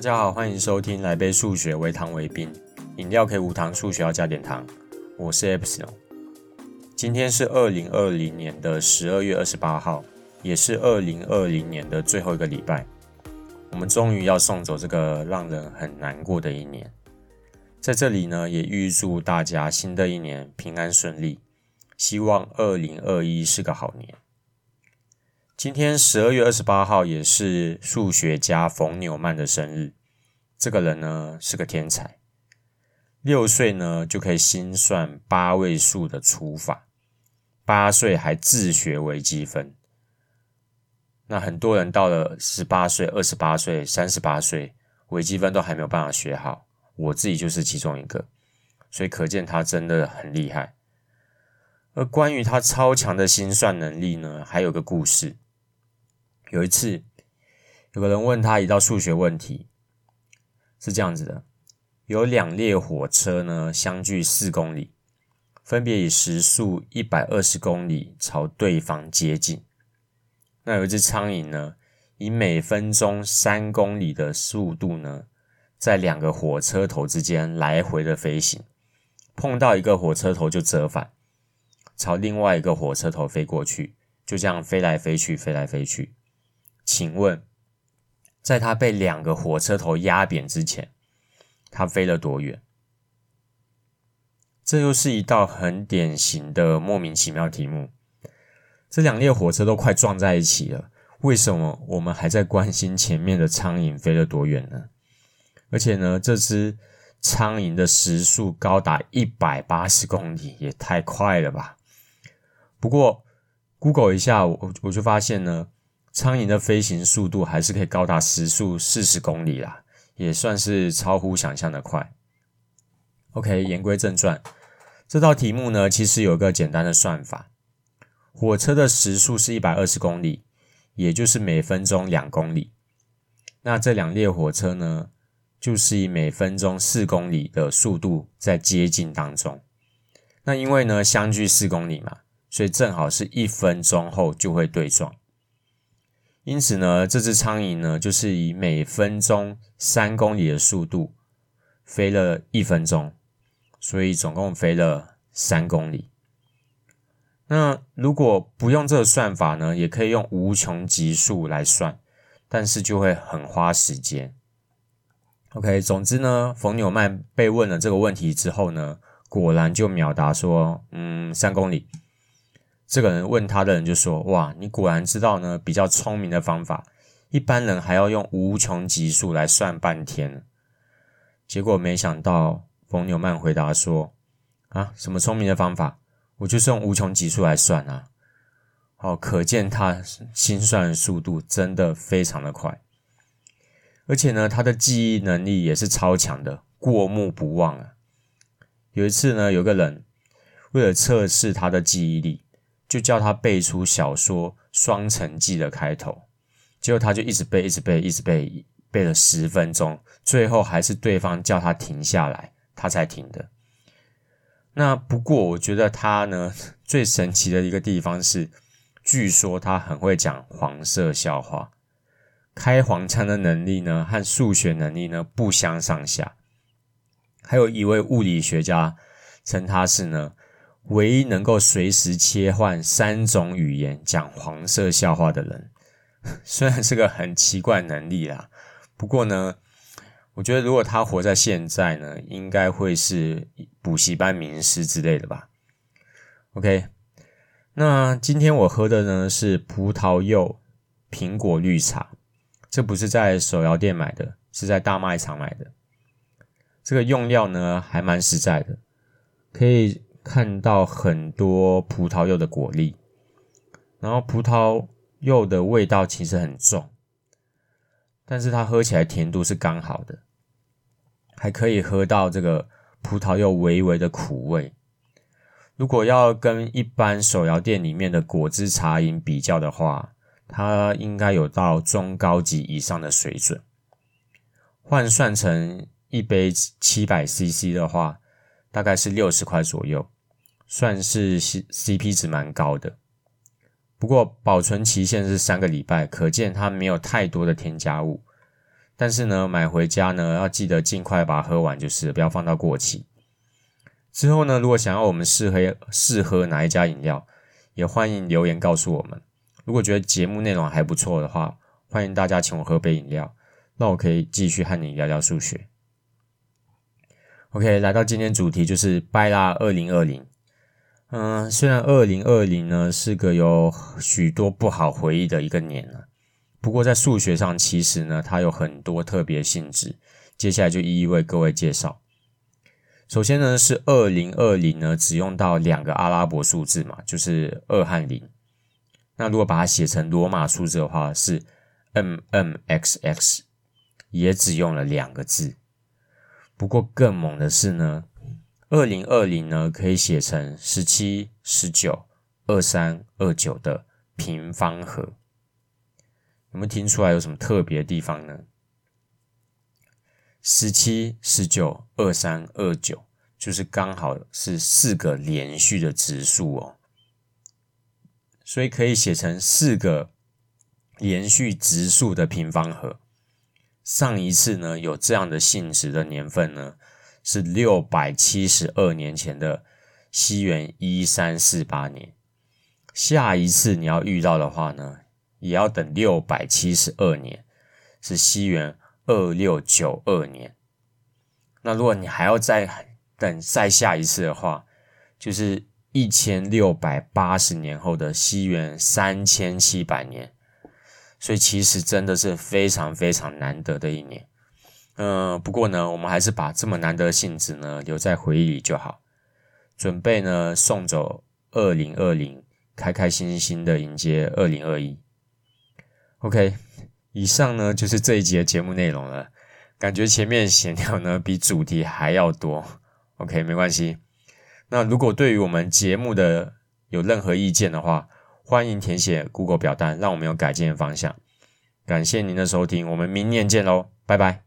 大家好，歡迎收聽來杯數學，微糖微冰，飲料可以無糖，數學要加點糖。我是 Epsilon。今天是二零二零年的十二月二十八號，也是二零二零年的最後一個禮拜，我們終於要送走這個讓人很難過的一年。在這裡呢，也預祝大家新的一年平安順利，希望二零二一是個好年。今天十二月二十八號也是數學家馮紐曼的生日。這個人呢，是個天才，六歲呢就可以心算八位數的除法，八歲還自學微積分。那很多人到了十八歲、二十八歲、三十八歲，微積分都還沒有辦法學好，我自己就是其中一個，所以可見他真的很厲害。而關於他超強的心算能力呢，還有個故事。有一次，有個人問他一道數學問題，是這樣子的：有兩列火車呢，相距四公里，分別以時速一百二十公里朝對方接近。那有一隻蒼蠅呢，以每分鐘三公里的速度呢，在兩個火車頭之間來回的飛行，碰到一個火車頭就折返，朝另外一個火車頭飛過去，就這樣飛來飛去，飛來飛去。請問，在他被兩個火車頭壓扁之前，他飛了多遠？這又是一道很典型的莫名其妙題目。這兩列火車都快撞在一起了，為什麼我們還在關心前面的蒼蠅飛了多遠呢？而且呢，這隻蒼蠅的時速高達一百八十公里，也太快了吧？不過，Google 一下，我我我就發現呢。蒼蠅的飛行速度還是可以高達時速四十公里啦，也算是超乎想象的快。OK，言歸正傳，這道題目呢，其實有一個簡單的算法：火車的時速是一百二十公里，也就是每分鐘兩公里。那這兩列火車呢，就是以每分鐘四公里的速度在接近當中。那因為呢，相距四公里嘛，所以正好是一分鐘後就會對撞。因此呢，這隻蒼蠅呢，就是以每分鐘三公里的速度飛了一分鐘，所以總共飛了三公里。那如果不用這個算法呢，也可以用無窮級數來算，但是就會很花時間。OK，總之呢，馮紐曼被問了這個問題之後呢，果然就秒答說，嗯，三公里。這個人問他的人就說：“哇，你果然知道呢，比較聰明的方法，一般人還要用無窮級數來算半天。”結果沒想到，馮紐曼回答說：“啊，什麼聰明的方法？我就是用無窮級數來算啊。”哦，好，可見他心算的速度真的非常的快，而且呢，他的記憶能力也是超強的，過目不忘啊。有一次呢，有個人為了測試他的記憶力。就叫他背出小說《雙城記》的開頭，結果他就一直背，一直背，一直背，背了十分鐘，最後還是對方叫他停下來，他才停的。那不過，我覺得他呢最神奇的一個地方是，據說他很會講黃色笑話，開黃腔的能力呢和數學能力呢不相上下。還有一位物理學家稱他是呢。唯一能夠隨時切換三種語言講黃色笑話的人，雖然是個很奇怪能力啦，不過呢，我覺得如果他活在現在呢，應該會是補習班名師之類的吧。OK，那今天我喝的呢是葡萄柚蘋果綠茶，這不是在手搖店買的，是在大賣場買的。這個用料呢還蠻實在的，可以。看到很多葡萄柚的果粒，然後葡萄柚的味道其實很重，但是它喝起來甜度是剛好的，還可以喝到這個葡萄柚微微的苦味。如果要跟一般手搖店裡面的果汁茶飲比較的話，它應該有到中高級以上的水準。換算成一杯七百 CC 的話。大概是六十塊左右，算是 C、CP 值蠻高的。不過保存期限是三個禮拜，可見它沒有太多的添加物。但是呢，買回家呢，要記得儘快把它喝完，就是不要放到過期。之後呢，如果想要我們試喝試喝哪一家飲料，也歡迎留言告訴我們。如果覺得節目內容還不錯的話，歡迎大家請我喝杯飲料，那我可以繼續和你聊聊數學。OK，來到今天主題就是掰啦，二零二零。嗯，雖然二零二零呢是個有許多不好回憶的一個年了，不過在數學上其實呢它有很多特別性質，接下來就一一為各位介紹。首先呢是二零二零呢只用到兩個阿拉伯數字嘛，就是二和零。那如果把它寫成羅馬數字的話是 MMXX，也只用了兩個字。不過更猛的是呢，二零二零呢可以寫成十七、十九、二三、二九的平方和，有沒有聽出來有什麼特別的地方呢？十七、十九、二三、二九就是剛好是四個連續的質數哦，所以可以寫成四個連續質數的平方和。上一次呢有這樣的性質的年份呢，是六百七十二年前的西元一三四八年。下一次你要遇到的話呢，也要等六百七十二年，是西元二六九二年。那如果你還要再等再下一次的話，就是一千六百八十年後的西元三千七百年。所以其實真的是非常非常難得的一年，嗯、呃，不過呢，我們還是把這麼難得的性質呢留在回憶裡就好，準備呢送走2020，開開心心的迎接2021。OK，以上呢就是這一集的節目內容了，感覺前面閒聊呢比主題還要多。OK，沒關係。那如果對於我們節目的有任何意見的話，歡迎填寫 Google 表單，讓我們有改進的方向。感謝您的收聽，我們明年見嘍，拜拜。